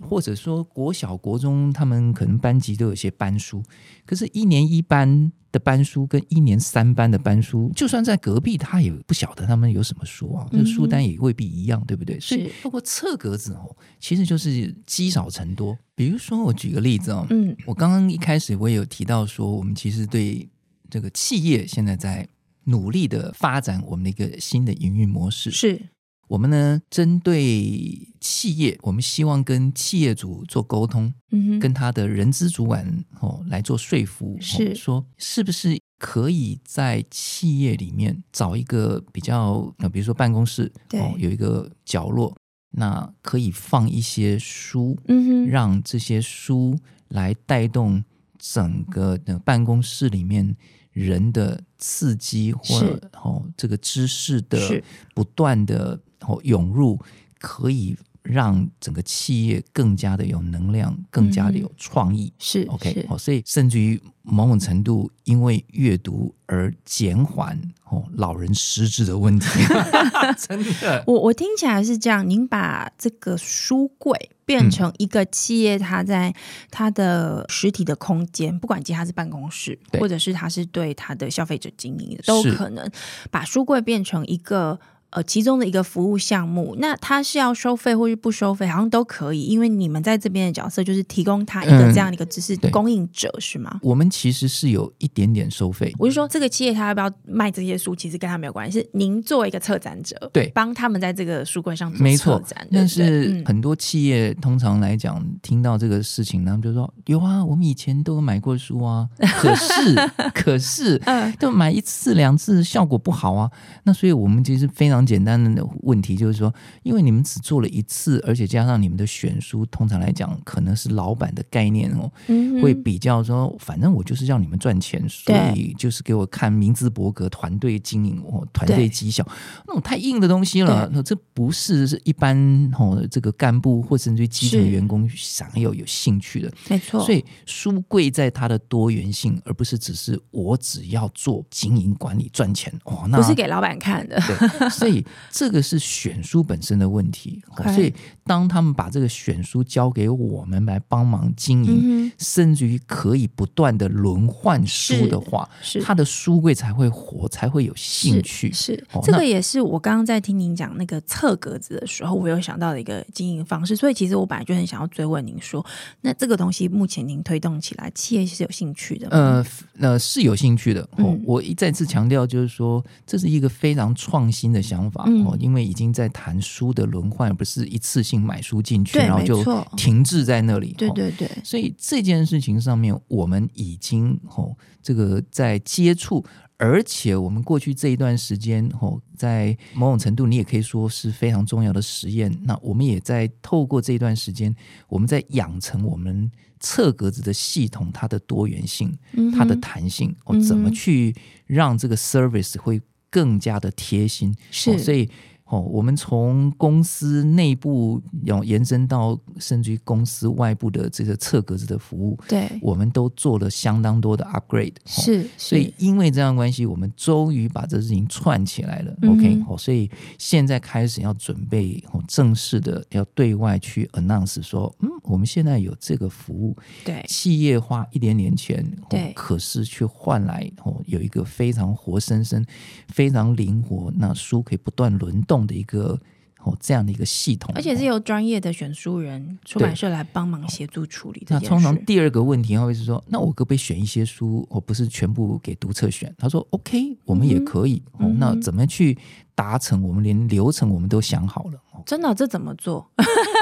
或者說國小國中，他們可能班級都有一些班書，可是，一年一班的班書跟一年三班的班書，就算在隔壁，他也不曉得他們有什麼書啊。這、嗯、書單也未必一樣，對不對？是。包括冊格子哦，其實就是積少成多。比如說，我舉個例子哦，嗯，我剛剛一開始我也有提到說，我們其實對。這個企業現在在努力的發展我們的一個新的營運模式，是我們呢針對企業，我們希望跟企業主做溝通，嗯哼，跟他的人資主管哦來做說服，哦、是說是不是可以在企業裡面找一個比較呃，比如說辦公室對哦有一個角落，那可以放一些書，嗯哼，讓這些書來帶動整個的辦公室裡面。人的刺激，或者哦，這個知識的不斷的哦湧入，可以。讓整個企業更加的有能量，更加的有創意，嗯、是 OK 是、哦、所以，甚至於某種程度，因為閱讀而減緩哦老人失智的問題。嗯、 真的，我我聽起來是這樣。您把這個書櫃變成一個企業，它在它的實體的空間，嗯、不管他是，是辦公室，或者是它是對它的消費者經營的，都可能把書櫃變成一個。呃，其中的一個服務項目，那他是要收費或是不收費，好像都可以，因為你們在這邊的角色就是提供他一個這樣的一個知識供應者、嗯，是嗎？我們其實是有一點點收費。我就說，這個企業他要不要賣這些書，其實跟他沒有關係。您作為一個策展者，對，幫他們在這個書櫃上做策展。沒錯，對對，但是很多企業通常來講，聽到這個事情，他們就說：“有啊，我們以前都有買過書啊。”可是， 可是、嗯，就買一次兩次效果不好啊。那所以我們其實非常。很簡單的問題就是說，因為你們只做了一次，而且加上你們的選書，通常來講可能是老闆的概念哦、嗯，會比較說，反正我就是要你們賺錢，所以就是給我看明哲伯格團隊經營哦，團隊績效那種太硬的東西了，那、哦、這不是是一般哦這個幹部或甚至於基層員，員工想要有，有興趣的，沒錯。所以書貴在它的多元性，而不是只是我只要做經營管理賺錢哦，那不是給老闆看的。對。所以 所以這個是選書本身的問題。Okay. 所以當他們把這個選書交給我們來幫忙經營，mm -hmm. 甚至於可以不斷的輪換書的話，是他的書櫃才會活，才會有興趣。是、是、哦、這個也是我剛剛在聽您講那個冊格子的時候，我沒有想到的一個經營方式。所以其實我本來就很想要追問您說，那這個東西目前您推動起來，企業是有興趣的嗎？呃呃，是有興趣的。哦嗯、我一再次強調，就是說這是一個非常創新的想法。方法哦，因為已經在談書的輪換，而不是一次性買書進去，然後就停滯在那裡。對對對，哦、所以這件事情上面，我們已經哦，這個在接觸，而且我們過去這一段時間哦，在某種程度你也可以說是非常重要的實驗。那我們也在透過這一段時間，我們在養成我們冊格子的系統，它的多元性，它的彈性、嗯、哦，怎麼去讓這個 service 會。更加的貼心，是、喔、所以。哦，我們從公司內部要延伸到甚至於公司外部的這個冊格子的服務，對，我們都做了相當多的 upgrade。是，所以因為這樣關係，我們終於把這事情串起來了。嗯、OK，哦，所以現在開始要準備正式的要對外去 announce 說，嗯，我們現在有這個服務。對，企業花一點點錢，對，可是去換來哦有一個非常活生生、非常靈活，那書可以不斷輪動。的一個哦，這樣的一個系統，而且是由專業的選書人出版社來幫忙協助處理、哦。那通常第二個問題會是說，那我可不可以選一些書，我不是全部給讀冊選。他說 OK，我們也可以、嗯哦。那怎麼去達成？我們連流程我們都想好了。嗯真的、哦，這怎麼做？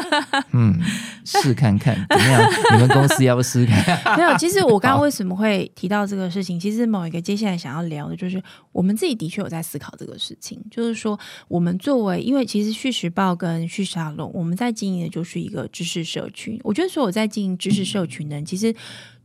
嗯，試看看怎麼樣？你們公司要不試，試看？ 沒有，其實我剛剛為什麼會提到這個事情？其實某一個接下來想要聊的，就是我們自己的確有在思考這個事情。就是說，我們作為，因為其實《旭時報》跟《旭沙龍》，我們在經營的就是一個知識社群。我覺得，所有在經營知識社群的人，其實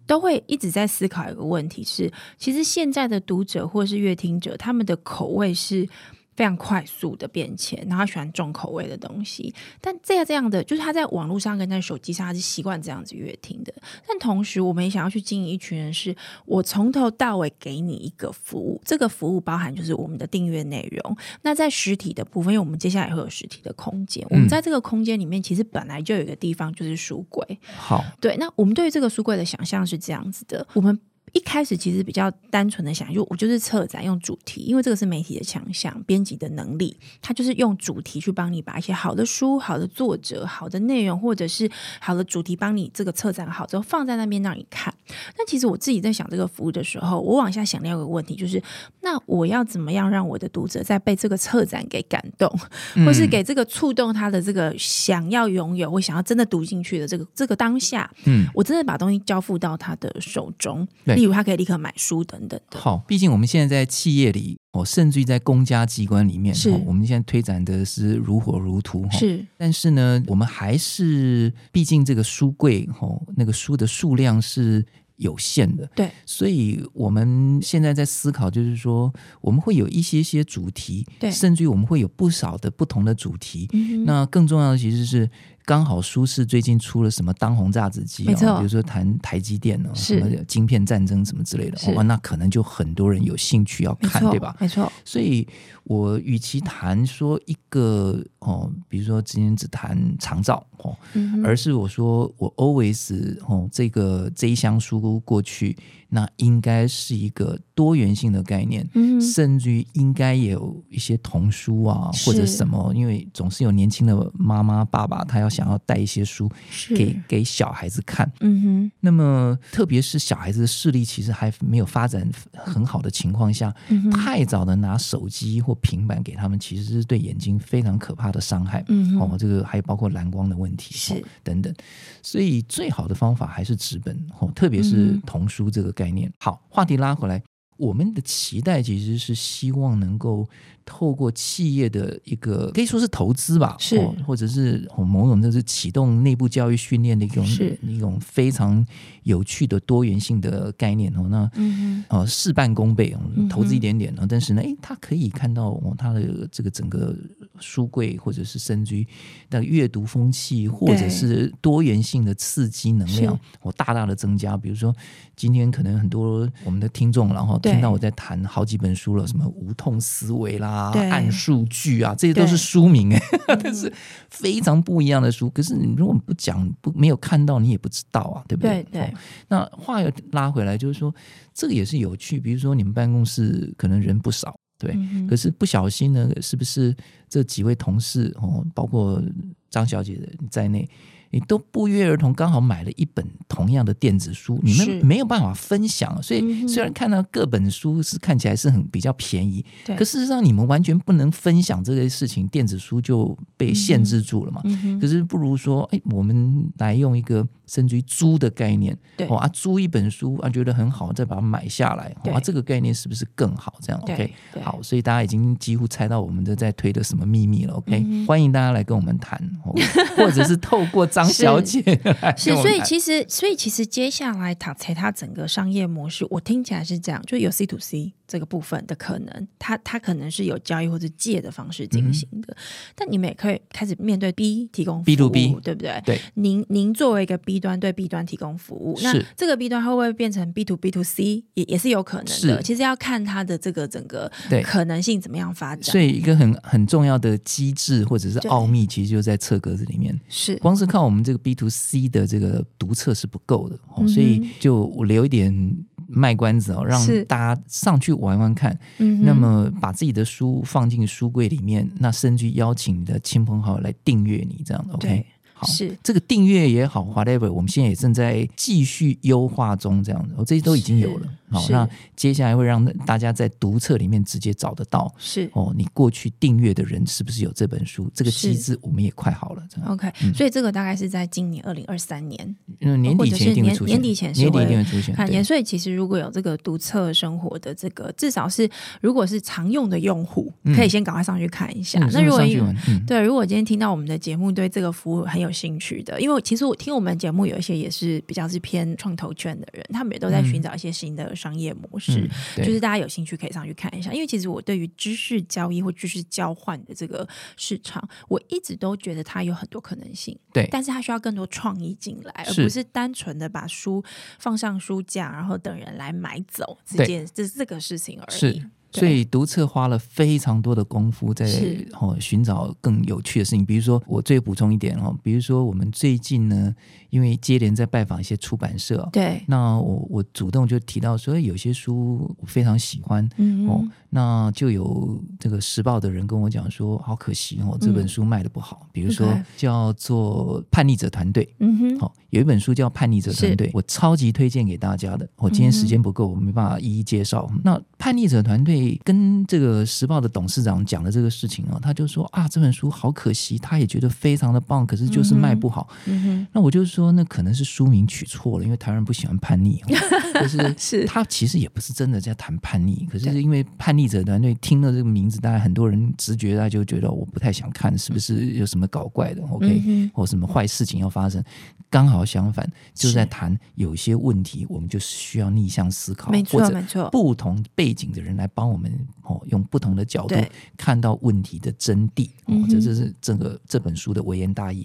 都會一直在思考一個問題是：其實現在的讀者或是閱聽者，他們的口味是，非常快速的變遷，然後他喜歡重口味的東西，但這樣這樣的就是他在網絡上跟在手機上他是習慣這樣子閱聽的。但同時，我們也想要去經營一群人，是我從頭到尾給你一個服務，這個服務包含就是我們的訂閱內容。那在實體的部分，因為我們接下來也會有實體的空間，嗯，我們在這個空間裡面，其實本來就有一個地方就是書櫃。好，對，那我們對於這個書櫃的想象是這樣子的，我們。一開始其實比較單純的想，就我就是策展用主題，因為這個是媒體的強項，編輯的能力，他就是用主題去幫你把一些好的書、好的作者、好的內容，或者是好的主題，幫你這個策展好之後放在那邊讓你看。那其實我自己在想這個服務的時候，我往下想要一個問題，就是那我要怎麼樣讓我的讀者在被這個策展給感動，或是給這個觸動他的這個想要擁有，嗯，或想要真的讀進去的這個這個當下，嗯，我真的把東西交付到他的手中，對。例如他可以立刻買書等等的。好，畢竟我們現在在企業裡，哦，甚至於在公家機關裡面，是，我們現在推展的是如火如荼。是，但是呢，我們還是，畢竟這個書櫃，吼、哦，那個書的數量是有限的。對，所以我們現在在思考，就是說我們會有一些些主題，對，甚至於我們會有不少的不同的主題。嗯、那更重要的其實是。剛好書市最近出了什麼當紅炸子雞啊、哦？比如說談台積電呢，什麼晶片戰爭什麼之類的、哦，那可能就很多人有興趣要看，對吧？沒錯，所以我與其談說一個哦，比如說今天只談長照哦、嗯，而是我說我 always 哦，這個這一箱書過去，那應該是一個。多元性的概念，嗯、甚至於應該也有一些童書啊，或者什麼，因為總是有年輕的媽媽爸爸，他要想要帶一些書給給，給小孩子看。嗯哼。那麼，特別是小孩子的視力其實還沒有發展很好的情況下、嗯，太早的拿手機或平板給他們，其實是對眼睛非常可怕的傷害。嗯哦，這個還有包括藍光的問題是、哦、等等，所以最好的方法還是紙本哦，特別是童書這個概念、嗯。好，話題拉回來。我們的期待其實是希望能夠。透過企業的一個可以說是投資吧，或、哦、或者是、哦、某種就是啟動內部教育訓練的一種是一種非常有趣的多元性的概念哦，那嗯啊事半功倍、哦，投資一點點、哦、但是呢，誒，他可以看到哦，他的這個整個書櫃或者是甚至。於、那、的、個、閱讀風氣或者是多元性的刺激能量，我、哦、大大的增加。比如說今天可能很多我們的聽眾，然後聽到我在談好幾本書了，什麼無痛思維啦。啊，按數據啊，這些都是書名哎、欸，但是非常不一樣的書。可是你如果不講，不沒有看到，你也不知道啊，對不對？對，對、哦。那話又拉回來，就是說這個也是有趣。比如說你們辦公室可能人不少，對，嗯、可是不小心呢，是不是這幾位同事哦，包括張小姐在內。你都不約而同剛好買了一本同樣的電子書，你們沒有辦法分享，所以雖然看到各本書是看起來是很比較便宜，對、嗯，可事實上你們完全不能分享這些事情，電子書就被限制住了嘛。嗯、可是不如說，哎、欸，我們來用一個甚至於租的概念，對，哦啊、租一本書啊，覺得很好，再把它買下來，哇、哦，啊、這個概念是不是更好？這樣 OK，好，所以大家已經幾乎猜到我們在推的什麼秘密了。OK，、嗯、歡迎大家來跟我們談，哦、 或者是透過張。小姐是，是，所以其實，所以其實，接下來他在他，他整個商業模式，我聽起來是這樣，就有 C to C。這個部分的可能，它它可能是有交易或者借的方式進行的，嗯，但你們也可以開始面對 B 提供服務 B to B，對不對？對，您您作為一個 B 端對 B 端提供服務是，那這個 B 端會不會變成 B to B to C 也也是有可能的是？其實要看它的這個整個對可能性怎麼樣發展。所以一個很很重要的機制或者是奧秘，其實就在冊格子裡面。是，光是靠我們這個 B to C 的這個讀冊是不夠的，哦嗯、所以就我留一點。賣關子，哦，讓大家上去玩玩看。嗯，那麼把自己的書放進書櫃裡面，那甚至邀請你的親朋好友來訂閱你這樣的，OK。是這個訂閱也好，whatever，我們現在也正在繼續優化中，這樣子、哦，這些都已經有了。好，那接下來會讓大家在讀冊裡面直接找得到。是哦，你過去訂閱的人是不是有這本書？這個機制我們也快好了。OK、嗯、所以這個大概是在今年二零二三年，年底前一定會出現。年底前，年底前一定會出現。年年年出現看，所以其實如果有這個讀冊生活的這個，至少是如果是常用的用戶，嗯、可以先趕快上去看一下。嗯、那如果對、嗯，如果今天聽到我們的節目，對這個服務很有。興趣的，因為其實我聽我們節目有一些也是比較是偏創投圈的人，他們也都在尋找一些新的商業模式，嗯、就是大家有興趣可以上去看一下、嗯。因為其實我對於知識交易或知識交換的這個市場，我一直都覺得它有很多可能性。對，但是它需要更多創意進來，而不是單純的把書放上書架，然後等人來買走這件這這個事情而已。所以，讀冊花了非常多的功夫在哦，尋找更有趣的事情。比如說，我再補充一點哦，比如說，我們最近呢，因為接連在拜訪一些出版社，對，那我我主動就提到說，有些書我非常喜歡嗯嗯哦。那就有這個時報的人跟我講說，好可惜哦，這本書賣得不好。比如說叫做《叛逆者團隊》，嗯哼，好、哦、有一本書叫《叛逆者團隊》，我超級推薦給大家的。我今天時間不夠，我沒辦法一一介紹。嗯、那《叛逆者團隊》跟這個時報的董事長講了這個事情哦，他就說啊，這本書好可惜，他也覺得非常的棒，可是就是賣不好。嗯哼，那我就說，那可能是書名取錯了，因為台灣人不喜歡叛逆。嗯 就是是他其實也不是真的在談叛逆，可是因為叛逆者團隊聽了這個名字，大家很多人直覺他就覺得我不太想看，是不是有什麼搞怪的？OK，、嗯、或什麼壞事情要發生？剛好相反，就是在談有些問題，我們就是需要逆向思考，沒錯，沒錯，或者不同背景的人來幫我們哦，用不同的角度看到問題的真諦、哦。這就是這個這本書的微言大義。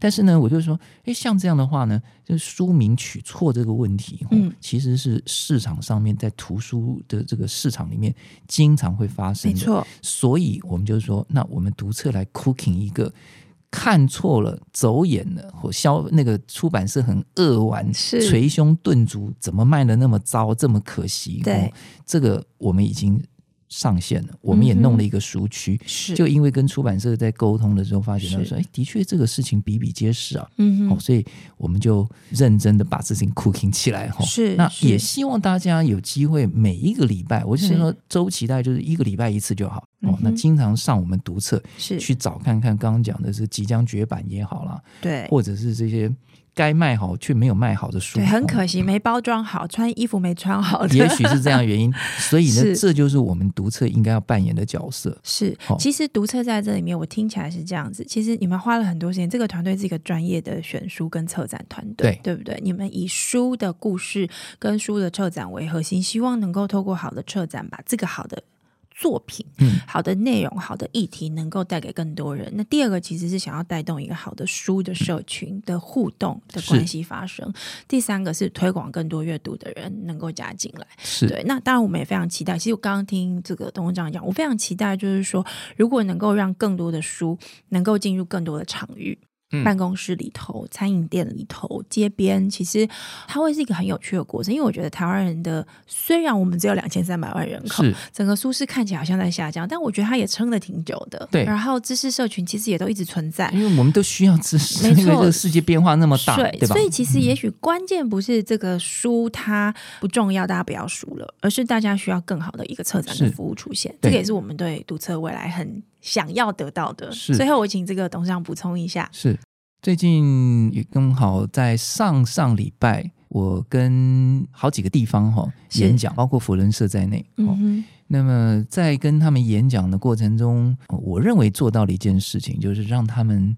但是呢，我就說，哎，像這樣的話呢，就書名取錯這個問題，嗯，其實是市場上面在圖書的這個市場裡面經常會發生的，沒錯。所以我們就是說，那我們讀冊來 cooking 一個看錯了、走眼了，或、哦、銷那個出版社很扼腕捶胸頓足，怎麼賣的那麼糟，這麼可惜？對，嗯、這個我們已經。上線了，我們也弄了一個熟區、嗯，是就因為跟出版社在溝通的時候，發現到說：“哎，的確這個事情比比皆是啊。嗯”嗯哦，所以我們就認真的把事情 cooking 起來哈、哦。是，是那也希望大家有機會每一個禮拜，我就是說周期大概就是一個禮拜一次就好、嗯、哦。那經常上我們讀冊是去找看看，剛剛講的是即將絕版也好啦，對，或者是這些。該賣好卻沒有賣好的書，對，很可惜，沒包裝好，穿衣服沒穿好的， 也許是這樣的原因。所以呢，這就是我們讀冊應該要扮演的角色。是，哦、其實讀冊在這裡面，我聽起來是這樣子。其實你們花了很多時間，這個團隊是一個專業的選書跟策展團隊，對，對不對？你們以書的故事跟書的策展為核心，希望能夠透過好的策展，把這個好的。作品，好的內容，好的議題，能夠帶給更多人。那第二個其實是想要帶動一個好的書的社群的互動的關係發生。第三個是推廣更多閱讀的人能夠加進來。是對。那當然我們也非常期待。其實我剛剛聽這個董事長這樣講，我非常期待，就是說如果能夠讓更多的書能夠進入更多的場域。辦公室裡頭、餐飲店裡頭、街邊，其實它會是一個很有趣的過程。因為我覺得台灣人的，雖然我們只有兩千三百萬人口，是整個書市看起來好像在下降，但我覺得它也撐得挺久的。對，然後知識社群其實也都一直存在，因為我們都需要知識。沒錯，因為這個世界變化那麼大，對吧？所以其實也許關鍵不是這個書它不重要，大家不要書了，而是大家需要更好的一個策展的服務出現。這個也是我們對讀冊未來很。想要得到的是，最後我請這個董事長補充一下。是最近也剛好在上上禮拜，我跟好幾個地方哈、哦、演講，包括扶輪社在內、嗯哦。那麼在跟他們演講的過程中，我認為做到了一件事情，就是讓他們。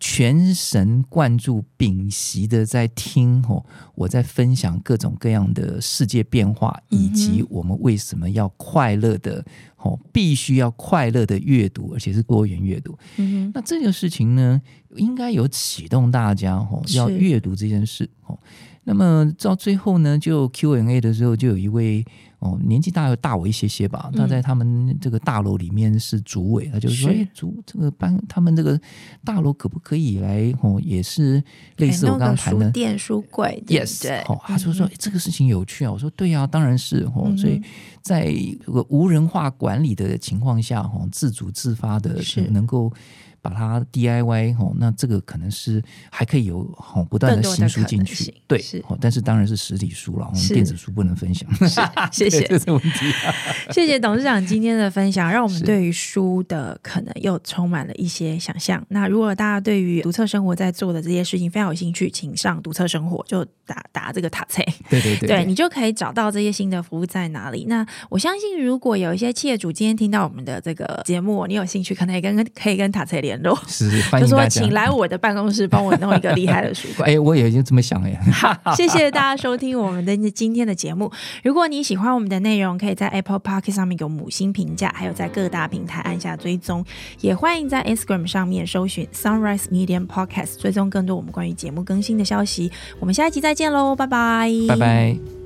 全神貫注、屏息，的在聽哦，我在分享各種各樣的世界變化，以及我們為什麼要快樂的哦，必須要快樂的閱讀，而且是多元閱讀、嗯。那這個事情呢，應該有啟動大家哦，要閱讀這件事哦。那麼到最後呢，就 Q&A 的時候，就有一位。哦，年紀大又大我一些些吧，他在他們這個大樓裡面是主委，嗯、他就說，哎、欸，主這個班他們這個大樓可不可以來？哦，也是類似我剛剛談的。欸那個、電書櫃，yes，對、嗯。哦，他就說、欸，這個事情有趣啊。我說，對呀、啊，當然是哦、嗯。所以，在這個無人化管理的情況下，哦，自主自發的是能夠。把它 DIY 吼、哦，那這個可能是還可以有吼、哦、不斷的新書進去，對是、哦，但是當然是實體書了，我們電子書不能分享。是是謝謝，謝謝董事長今天的分享，讓我們對於書的可能又充滿了一些想象。那如果大家對於讀冊生活在做的這些事情非常有興趣，請上讀冊生活就打打這個 TAAZE，對對對，對你就可以找到這些新的服務在哪裡。那我相信，如果有一些企業主今天聽到我們的這個節目，你有興趣，可能也跟可以跟 TAAZE 聯。聯 他說，請來我的辦公室幫我弄一個厲害的書櫃哎我也已經這麼想了。謝謝大家收聽我們的今天的節目。如果你喜歡我們的內容，可以在 Apple Podcast 上面有五星評價，還有在各大平台按下追蹤。也歡迎在 Instagram 上面搜尋 Sunrise Medium Podcast，追蹤更多我們關於節目更新的消息。我們下一集再見嘍，拜，拜拜，拜。